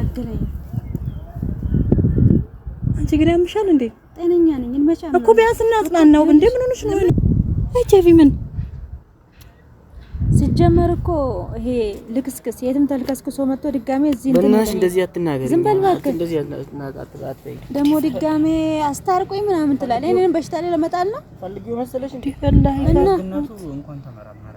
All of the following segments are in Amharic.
አያገላግለኝ። አንቺ ግን ያምሻል እንዴ? ጤነኛ ነኝ እኮ ቢያንስ እናጽናናው እንዴ። ምን ሆነሽ ነው? አይቼቪ ምን ሲጀመር እኮ ይሄ ልክስክስ የትም ተልከስክሶ መጥቶ ድጋሜ እዚህ በእናትሽ እንደዚህ አትናገሪ። ዝም በል እባክህ። ደግሞ ድጋሜ አስታርቆኝ ምናምን ትላለህ። እኔንም በሽታ ላይ ለመጣል ነው ፈልጊው መሰለሽ እንዴ? ፈላህ እና እንኳን ተመራመረ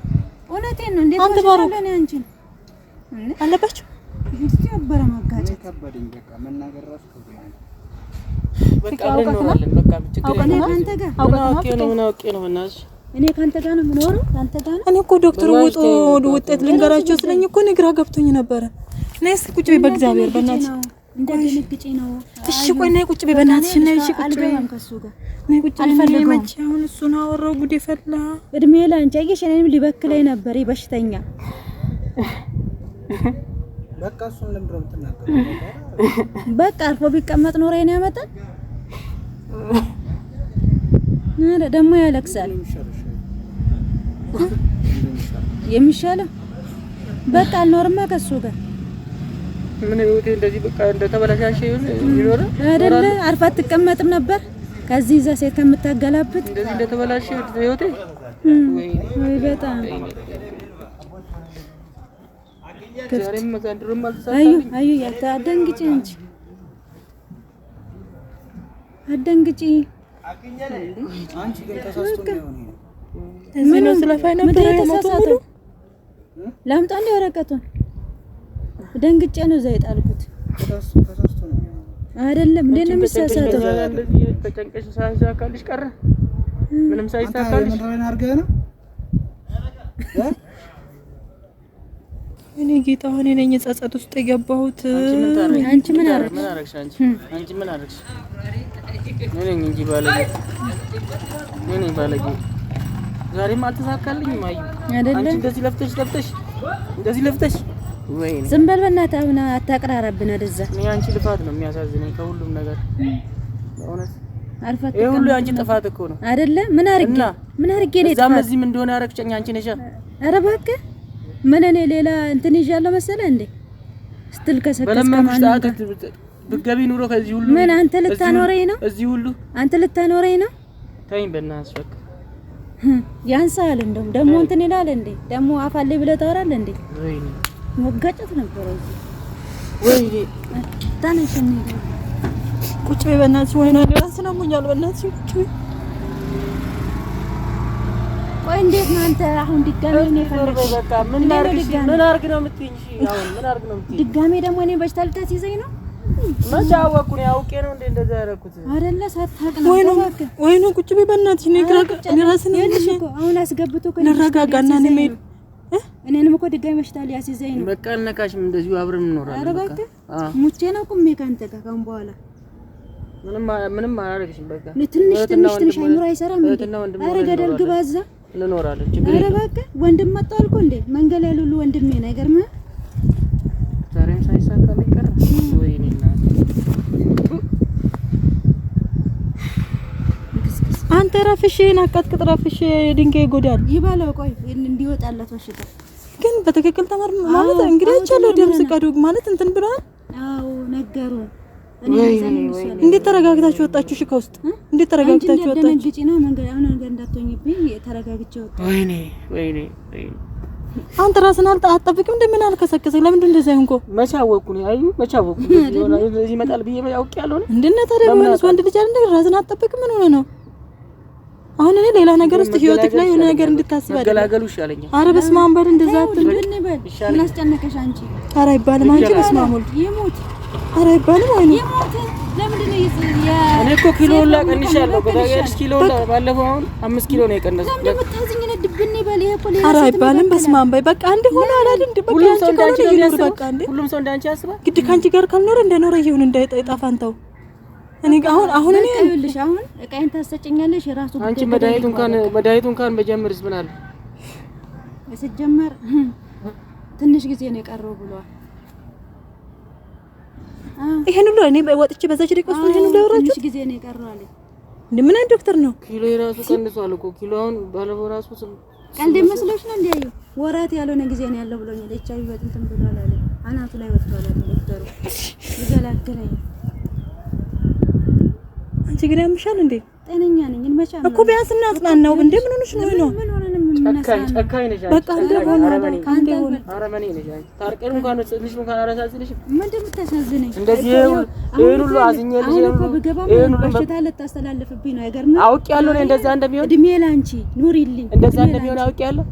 እውነቴን ነው። እንዴት ተሻለ ነው አንቺ አለባችሁ ነበረ መጋጨት እኔ ከአንተ ጋር ነው የምኖረው። ከአንተ ጋር ነው እኔ እኮ ዶክተር ውጡ ውጤት ልንገራቸው ስለኝ እኮ እኔ ግራ ገብቶኝ ነበረ። ነይ እስኪ ቁጭ በይ፣ በእግዚአብሔር በእናትሽ እንዳትደነግጪ ነው። እሺ ቆይ ነይ ቁጭ በይ በእናትሽ ነይ። እሺ ቁጭ በይ ነይ ቁጭ በይ። አልፈልግም። አሁን እሱን አወራሁ። ጉድ ፈላ። እድሜ ለአንቺ አየሽ፣ እኔንም ሊበክለኝ ነበር በሽተኛ። በቃ አርፎ ቢቀመጥ ኖሮ ነው ያመጣል። ኧረ ደግሞ ያለቅሳል። የሚሻለው በቃ አልኖርማ ከሱ ጋር ምን ህይወቴ እንደዚህ በቃ እንደተበላሻሽ ይኖረ አይደለ? አርፋ አትቀመጥም ነበር ከዚህ ይዛ ሴት ከምታገላብጥ እንደዚህ እንደተበላሽ ህይወቴ። ወይ በጣም አዩ አዩ፣ ያታ አደንግጪ እንጂ አደንግጪ። ምን ስለፋይ ነበር የሞቱ ላምጣ እንደ ወረቀቱን ደንግጬ ነው እዛ የጣልኩት። አይደለም እንዴ ነው የሚሳሳተው? ተጨንቀሽ ሳይሳካልሽ ቀረ። ምንም ሳይሳካልሽ እኔ ጌታ ሆኔ ነኝ ጸጸት ውስጥ የገባሁት። አንቺ ምን አደረግሽ? ባለጌ፣ ዛሬም አልተሳካልኝም። አዩ እንደዚህ ለፍተሽ ለፍተሽ እንደዚህ ለፍተሽ ዝም በል በእናትህ፣ አሁን አታቅራረብን ወደዛ። የአንቺ ልፋት ነው የሚያሳዝነኝ ከሁሉም ነገር በእውነት አልፋት። ይሄ ሁሉ የአንቺ ጥፋት እኮ ነው አይደለ? ምን አድርጌ ምን አድርጌ ነው እዛም እዚህም እንደሆነ ያረግጨኝ አንቺ ነሽ። ኧረ እባክህ ምን እኔ ሌላ እንትን ይዣለሁ መሰለህ እንዴ ስትል ከሰከስ ከማን ብትገቢ ኑሮ ከዚህ ሁሉ ምን አንተ ልታኖረኝ ነው? እዚህ ሁሉ አንተ ልታኖረኝ ነው? ተይኝ በእናትሽ በቃ ያንሳል። እንደውም ደግሞ እንትን ይላል እንዴ ደግሞ አፋሌ ብለህ ታወራለህ እንዴ? መጋጨት ነበረ። ወይ ታነሽ ነው ቁጭ በይ በእናትሽ። ወይና ራስ ነው ሙኛል በእናትሽ ቁጭ በይ። ቆይ እንዴት ነው አንተ አሁን ድጋሜ ነው የፈለግሽ? በቃ ምን ላድርግሽ? ምን አድርግ ነው የምትይኝ? አሁን ምን አድርግ ነው የምትይኝ? ድጋሜ ደግሞ እኔ በሽታ ልታስይዘኝ ነው? መቼ አወኩኝ? አውቄ ነው እንዴ እንደዛ ያደረኩት አይደለ? ሳታውቅ ነው። ወይኑ ወይኑ ቁጭ በይ በእናትሽ። እኔ ግራ እኔ ራስን ይልሽ አሁን አስገብቶ ከነራጋጋና ነው የሚሄድ እኔንም እኮ ድጋሚ በሽታ ሊያስይዘኝ ነው። በቃ አልነካሽም፣ እንደዚሁ አብረን እንኖራለን። ኧረ እባክህ ሙቼ ነው ቁሜ ከአንተ ጋር ከአሁን በኋላ ምንም ምንም አላደርግሽም። በቃ ትንሽ ትንሽ ትንሽ አይምሮ አይሰራም። እንዴ? ኧረ ገደል ግባ እዛ እንኖራለን። ችግር የለም። ኧረ እባክህ ወንድም መጣሁ አልኩህ እንዴ መንገድ ላይ ሉሉ ወንድሜ ነው። አይገርምህም? ዛሬም ሳይሳካ ቀረ ወይ እናቴ አንተ ራፍሽ ረፍሽን አቃጥቅጥ ራፍሽ ድንጋይ ይጎዳል ይበለው። ቆይ ይሄን እንዲወጣለት በሽታ ግን በትክክል ተመር ማለት እንግዲህ አይቻለሁ። ደም ስቀዱ ማለት እንትን ብለዋል። አዎ ነገሩ። እንዴት ተረጋግታችሁ ወጣችሁ? እሺ ከውስጥ እንዴት ተረጋግታችሁ ወጣችሁ? አንቺ ጭና መንገድ አሁን ነገር እንዳትሆኝብኝ ተረጋግቼ ወጣሁ። ወይኔ ወይኔ ወይኔ አንተ ራስን አልጣ አጠብቅም እንደምን አልከሰከሰ? ለምንድን እንደዚያ ሆንኩ? መቼ አወኩ ነው? አዩ መቼ አወኩ? ይመጣል ብዬ አውቄ ያለሁ ነው። እንደነ ታዲያ ወንድ ልጅ አይደል? ራስን አጠብቅም ምን ሆነ ነው አሁን እኔ ሌላ ነገር ውስጥ ህይወትክ ላይ የሆነ ነገር እንድታስብ አይደለም። ገላገሉ ይሻለኛል። አረ በስመ አብ በል እንደዛ አትልም። ምን አስጨነቀሽ አንቺ? አረ አይባልም አንቺ። በስመ አብ ወልድ ይሞት። አረ አይባልም። አይ ይሞት። ነው እኔ እኮ ኪሎ ሁላ ቀንሻለሁ ኪሎ ባለፈው አሁን አምስት ኪሎ ነው የቀነሰው። ለምን ይበል። ይሄ አረ አይባልም። በስመ አብ በይ በቃ አንዴ ሆነ አላል በቃ ሁሉም ሰው እንዳንቺ ያስባል። ግድ ካንቺ ጋር ካልኖረ እንደኖረ ይሁን እንዳይጣፋንተው እኔ አሁን አሁን እኔ ይኸውልሽ አሁን እቃዬን ታሰጭኛለሽ። የራሱ አንቺ መድኃኒቱ እንኳን መድኃኒቱ እንኳን በጀምርስ ምን አለ ሲጀመር ትንሽ ጊዜ ነው የቀረው ብሏል። ይሄን ሁሉ እኔ ወጥቼ በዛች ደቂቃ ውስጥ ይሄን ሁሉ ያወራችሁ ትንሽ ጊዜ ነው የቀረው አለ። ምን አይነት ዶክተር ነው? ኪሎ የራሱ ቀንሷል እኮ ኪሎ አሁን ባለፈው ራሱ ቀልድ መስሎሽ ነው እንዴ? ወራት ያልሆነ ጊዜ ነው ያለው ብሎኛል። ኤች አይ ቪ በጥንት ብሏል አለ። አናቱ ላይ ወጥቷል አለ ዶክተሩ ይገላግለኝ አንቺ ግን ያምሻል እንዴ? ጤነኛ ነኝ እንመቻ እኮ ቢያንስ እናጽናናው እንዴ። ምን ሆነሽ ነው ነው? ነሽ። በቃ እንደ ሆነ ታርቀን እንኳን ልጅ እንኳን እንደዚህ ሁሉ ሁሉ ሁሉ አውቄያለሁ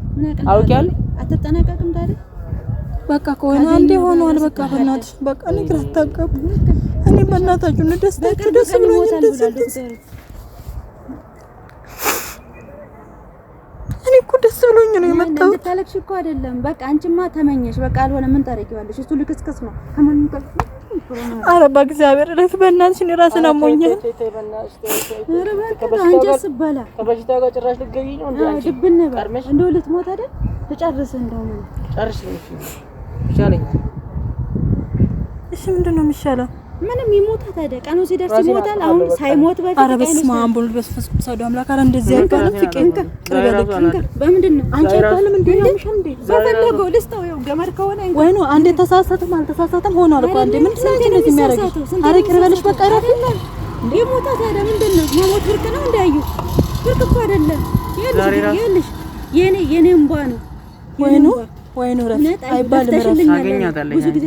በቃ ከሆነ አንዴ ሆኗል። በቃ በእናትሽ በቃ ንግር አታቀቡ እኔ በእናታችሁ ነው ደስታችሁ ደስ ብሎኝ ደስ እኔ እኮ ደስ ብሎኝ ነው የመጣሁት። እንድታለቅሽ እኮ አይደለም። በቃ አንቺማ ተመኘሽ። በቃ አልሆነ። ምን ታረጊዋለሽ? እሱ ልክስክስ ነው። አረ በእግዚአብሔር እረፊ፣ በእናትሽ እኔ እራሴን አሞኛል። አንቺ በላ ከበሽታው ጋር ጭራሽ ልትገቢ ነው። እንዴ? ድብን በል እንደው ልትሞት አይደል? ትጨርስ እንደው ምን ጨርሽ። ይሻለኛል። እሺ ምንድን ነው የሚሻለው? ምንም ይሞታ ታዲያ ቀኑ ሲደርስ ይሞታል። አሁን ሳይሞት በፊት አረ በስመ አብ ወልድ በመንፈስ ቅዱስ አሐዱ እንደዚህ ኧረ ፍቅን አይባልም። ፍቄን በምንድን ነው አንቺ አይባልም። በፈለገው ልስጠው። ያው ገመድ ከሆነ ወይ ነው አንዴ ተሳሳተም አልተሳሳተም ሆኗል እኮ አንዴ። ምን ምንድን ነው የሚያረጋ አረ ኧረ በቃ። ኧረ ይሞታ ታዲያ ምንድን ነው መሞት ብርቅ ነው? እንዳዩ ብርቅ እኮ አይደለም። ይኸውልሽ የኔ የኔ እንባ ነው ወይ ነው ወይ ነው። ረፍ አይባልም። ረፍ ታገኛታለሽ ብዙ ጊዜ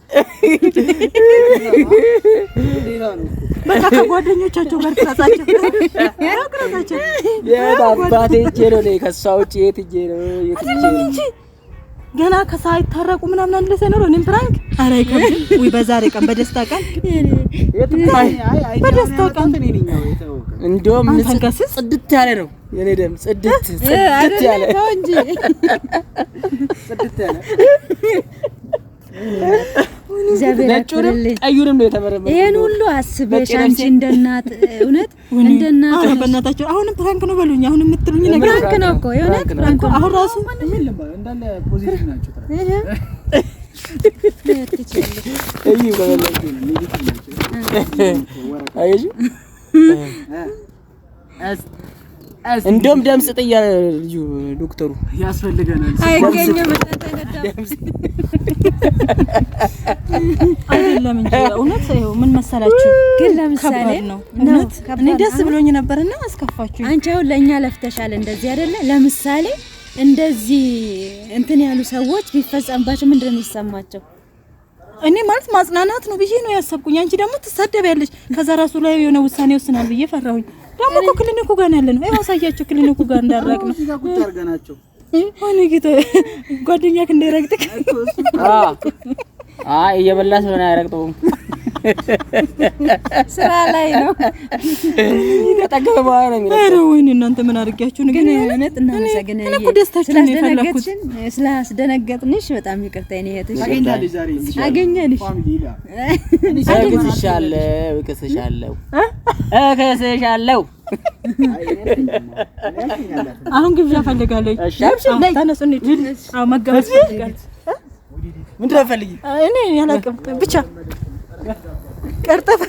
በቃ ከጓደኞቻቸው ጋር ክራሳቸው አባቴ ሂጄ ነው እኔ ከእሷ ውጭ የት ሂጄ ነው የት እንጂ ገና ከሳይታረቁ ምናምን አንድ ነው። እኔም ፕራንክ ኧረ አይከብድም። ውይ በዛሬ ቀን በደስታ ቀን በደስታ ቀን እንደውም ጽድት ያለ ነው የኔ ደም ጽድት ጽድት ያለ ነው እንጂ ጽድት ያለ እግዚአብሔር ቀዩንም ነው የተመረመረ። ይሄን ሁሉ አስበሽ አንቺ እንደ እናት እውነት እንደ እናት አሁን በእናታችሁ አሁንም ፕራንክ ነው በሉኝ። አሁን የምትሉኝ ነገር ፕራንክ ነው እኮ የእውነት ፕራንክ ነው። አሁን ራሱ እንዳለ እንደውም ደምስ ጥያ ልጁ ዶክተሩ ያስፈልገናል። እውነት ምን መሰላችሁ፣ ግን ለምሳሌ ነው እኔ ደስ ብሎኝ ነበርና አስከፋችሁ። አንቺ አሁን ለእኛ ለፍተሻል እንደዚህ አይደለ? ለምሳሌ እንደዚህ እንትን ያሉ ሰዎች ቢፈጸምባቸው ምንድን ነው ይሰማቸው? እኔ ማለት ማጽናናት ነው ብዬ ነው ያሰብኩኝ። አንቺ ደግሞ ትሳደቢያለሽ። ከዛ ራሱ ላይ የሆነ ውሳኔ ወስናል ብዬ ፈራሁኝ። ደግሞ እኮ ክሊኒኩ ጋር ያለ ነው ያለነው። ይኸው አሳያቸው ክሊኒኩ ጋር እንዳራቅ ነው ናቸው ጌታ ጓደኛክ እንዳይረግጥክ እየበላ ስለሆነ አይረግጠውም። ስራ ላይ ነው። ተጠገበ በኋላ ነው የሚለው። ወይኔ እናንተ ምን አድርጊያችሁ ነው? ግን እውነት እናመሰግናለን። እኔ እኮ ደስታችሁን ነው የፈለኩት። ስላስደነገጥንሽ በጣም ይቅርታ። እኔ እህትሽ አገኘንሽ። እከስሻለሁ፣ እከስሻለሁ፣ እከስሻለሁ። አሁን ግብዣ ፈልጋለሁ። ምንድን ነው ፈልጊ? እኔ አላውቅም ብቻ ቅርጥፍ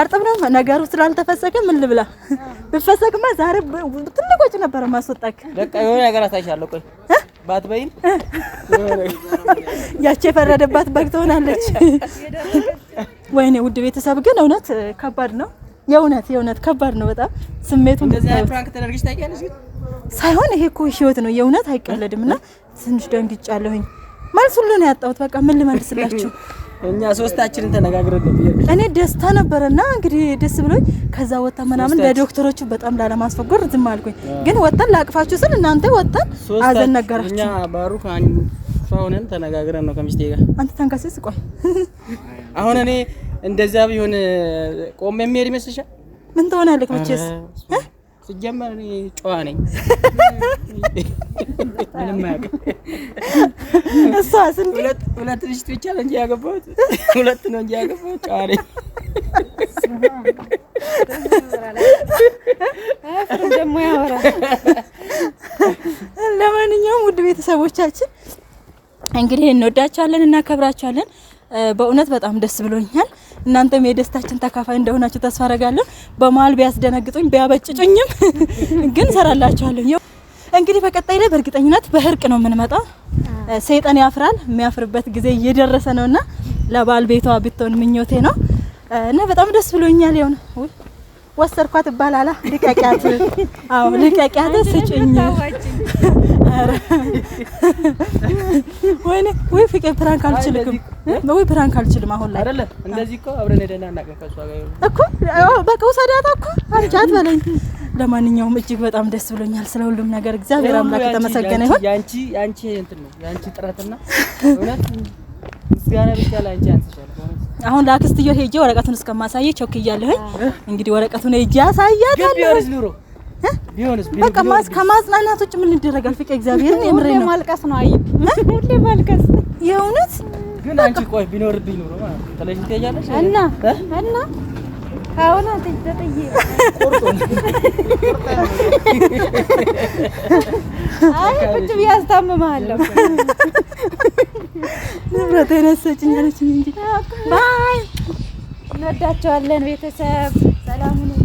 እርጥብ ነው ነገሩ ስላልተፈሰከ ምን ልብላ? ብፈሰግማ ዛሬ ትልቆጭ ነበረ ማስወጣክ። በቃ የሆነ ነገር አሳይሻለሁ። ቆይ ያቺ የፈረደባት በግ ትሆናለች። ወይኔ ውድ ቤተሰብ ግን እውነት ከባድ ነው። የእውነት የእውነት ከባድ ነው በጣም ስሜቱ እንደዚህ ሳይሆን ይሄ እኮ ህይወት ነው፣ የእውነት አይቀለድም። እና ትንሽ ደንግጫለሁኝ። መልስ ሁሉ ነው ያጣሁት። በቃ ምን ልመልስላችሁ? እኛ ሶስታችንን ተነጋግረን እኔ ደስታ ነበረና እንግዲህ ደስ ብሎኝ ከዛ ወጣ ምናምን ለዶክተሮቹ በጣም ላለማስፈጎር ዝም አልኩኝ። ግን ወጣን ላቅፋችሁ ስል እናንተ ወጣን አዘን ነገራችሁ። እኛ ባሩክ አሁንን ተነጋግረን ነው ከሚስቴ ጋር አንተ ተንከስስ ቆይ አሁን እኔ እንደዛ ቢሆን ቆሜ የሚሄድ ይመስልሻል? ምን ትሆናለህ መቼስ ስጀመር እኔ ጨዋ ነኝ። ምንም አያውቅም። እሷስ ሁለት ሁለት ልጅት ብቻ ነው እንጂ ያገባሁት ሁለት ነው እንጂ ያገባሁት ጨዋ ነኝ። ደግሞ ያወራል። ለማንኛውም ውድ ቤተሰቦቻችን እንግዲህ እንወዳቸዋለን፣ እናከብራቸዋለን። በእውነት በጣም ደስ ብሎኛል። እናንተም የደስታችን ተካፋይ እንደሆናችሁ ተስፋ አረጋለሁ። በመሀል ቢያስደነግጡኝ ቢያበጭጩኝም ግን ሰራላችኋለሁ። እንግዲህ በቀጣይ ላይ በእርግጠኝነት በእርቅ ነው የምንመጣው። ሰይጣን ያፍራል፣ የሚያፍርበት ጊዜ እየደረሰ ነውና ለባል ቤቷ ብትሆን ምኞቴ ነው እና በጣም ደስ ብሎኛል። የሆነ ወሰርኳት ባላላ ልቀቂያት፣ አዎ ልቀቂያት፣ ስጭኝ ወይኔ ወይ ፍቄ ፕራንክ አልችልም፣ ወይ ፕራንክ አልችልም። አሁን ላይ አይደለ እንደዚህ እኮ አብረን ሄደና እናቀቀሱ እኮ በቃ ውሰዳታ እኮ አንቻት በለኝ። ለማንኛውም እጅግ በጣም ደስ ብሎኛል ስለ ሁሉም ነገር። እግዚአብሔር አምላክ የተመሰገነ ይሁን። ያንቺ ያንቺ እንትን ነው ያንቺ ጥረትና እውነት ምስጋና ብቻ ላንቺ አንስሻለሁ። አሁን ለአክስትዮ ሄጄ ወረቀቱን እስከማሳየ ቾክ እያለሁኝ እንግዲህ ወረቀቱን ሄጄ አሳያታለሁ። በቃ ከማጽናናት ውጭ ምን ይደረጋል? ፍቄ እግዚአብሔርን የምሬ ነው። ማልቀስ ነው። አይ ሁሌ ማልቀስ የእውነት ግን አንቺ ቆይ ቢኖርብኝ ማለት ነው ተለሽ ትያለሽ እና እና አሁን አንተ ተጠየ አይ ቁጭ ብዬ አስታምምሃለሁ። ንብረት የነሰችኝ አለችኝ እንጂ ባይ እንወዳቸዋለን ቤተሰብ ሰላሙን